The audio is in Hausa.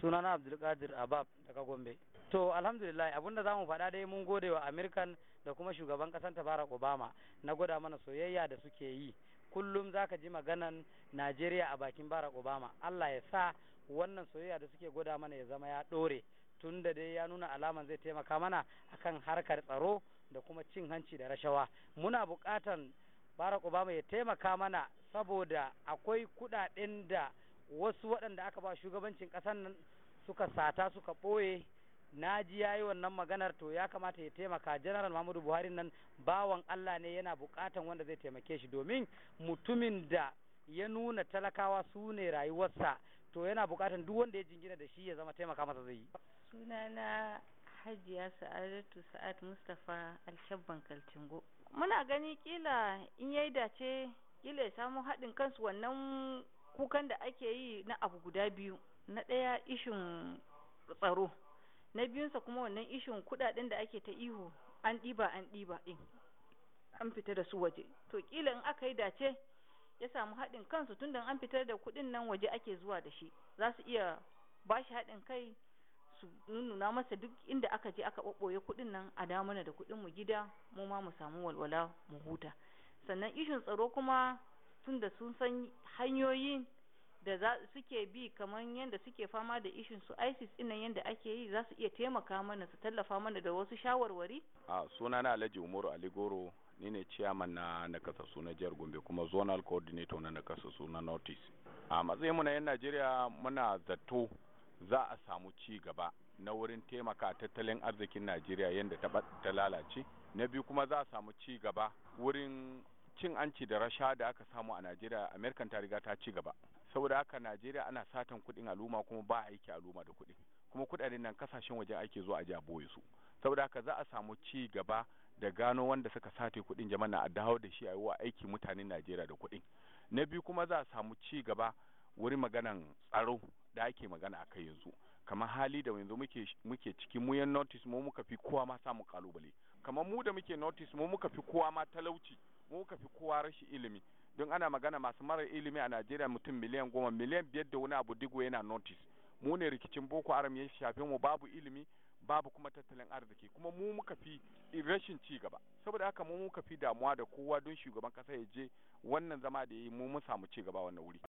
sunana abdulkadir abab daga gombe to alhamdulillah abinda za mu faɗa dai mun gode wa american da kuma shugaban ƙasar ta barack obama na gwada mana soyayya da suke yi kullum za ka ji maganan najeriya a bakin barack obama allah ya sa wannan soyayya da suke gwada mana ya zama ya ɗore tun da dai ya nuna alaman zai taimaka mana akan harkar tsaro da kuma cin hanci da rashawa muna buƙatan barack obama ya taimaka mana saboda akwai kuɗaɗen da wasu waɗanda aka ba shugabancin ƙasar nan suka sata suka ɓoye na ji ya yi wannan maganar to ya kamata ya taimaka Janaral mahmudu buhari nan bawan allah ne yana buƙatan wanda zai taimake shi domin mutumin da ya nuna talakawa su ne rayuwarsa to yana buƙatan duk wanda ya jingina da shi ya zama taimaka masa zai yi sunana hajiya sa'adatu sa'ad mustapha alkyabban muna gani kila in yayi dace kila ya samu haɗin kansu wannan kukan da ake yi na abu guda biyu na ɗaya ishin tsaro na biyunsa kuma wannan ishin kudaden da ake ta ihu an ɗiba an ɗiba ɗin an fita da su waje to kila in aka yi dace ya samu haɗin kansu tunda an fitar da kuɗin nan waje ake zuwa da shi za su iya ba shi haɗin kai su nuna masa duk inda aka je aka ɓaɓɓoye kuɗin nan a damuna da kuɗin mu gida mu ma mu samu walwala mu huta sannan ishin tsaro kuma tunda sun san hanyoyin da suke bi kamar yadda suke fama da ishin su ISIS ɗin yadda ake yi za su iya taimaka mana su tallafa mana da wasu shawarwari? A suna na Alhaji Umaru aligoro ni ne ciyaman na nakasassu na jihar Gombe kuma zonal coordinator na nakasassu na notis A matsayin mu na 'yan Najeriya muna zato za a samu ci gaba na wurin taimaka tattalin arzikin Najeriya yadda ta lalace. Na biyu kuma za a samu ci gaba wurin cin anci da rasha da aka samu a najeriya American ta riga ta ci gaba saboda haka najeriya ana satan kuɗin aluma kuma ba aiki aluma da kuɗi kuma kuɗaɗen nan kasashen waje ake zuwa a ji a boye su saboda haka za a samu ci gaba da gano wanda suka sace kuɗin jama'a a dawo da shi a yi wa aiki mutanen najeriya da kuɗin na biyu kuma za a samu ci gaba wurin maganan tsaro da ake magana a kai yanzu kamar hali da yanzu muke muke ciki mu yan notice mu muka fi kowa ma samu kalubale kamar mu da muke notice mu muka fi kowa ma talauci mu ka fi kowa rashin ilimi don ana magana masu mara ilimi a Najeriya mutum miliyan goma miliyan biyar da wani abu digo yana notice mu ne rikicin boko haram ya shafe mu babu ilimi babu kuma tattalin arziki kuma mu muka fi rashin ci gaba saboda haka mu muka fi damuwa da kowa don shugaban kasa ya je wannan zama da yi mu mun samu ci gaba wannan wuri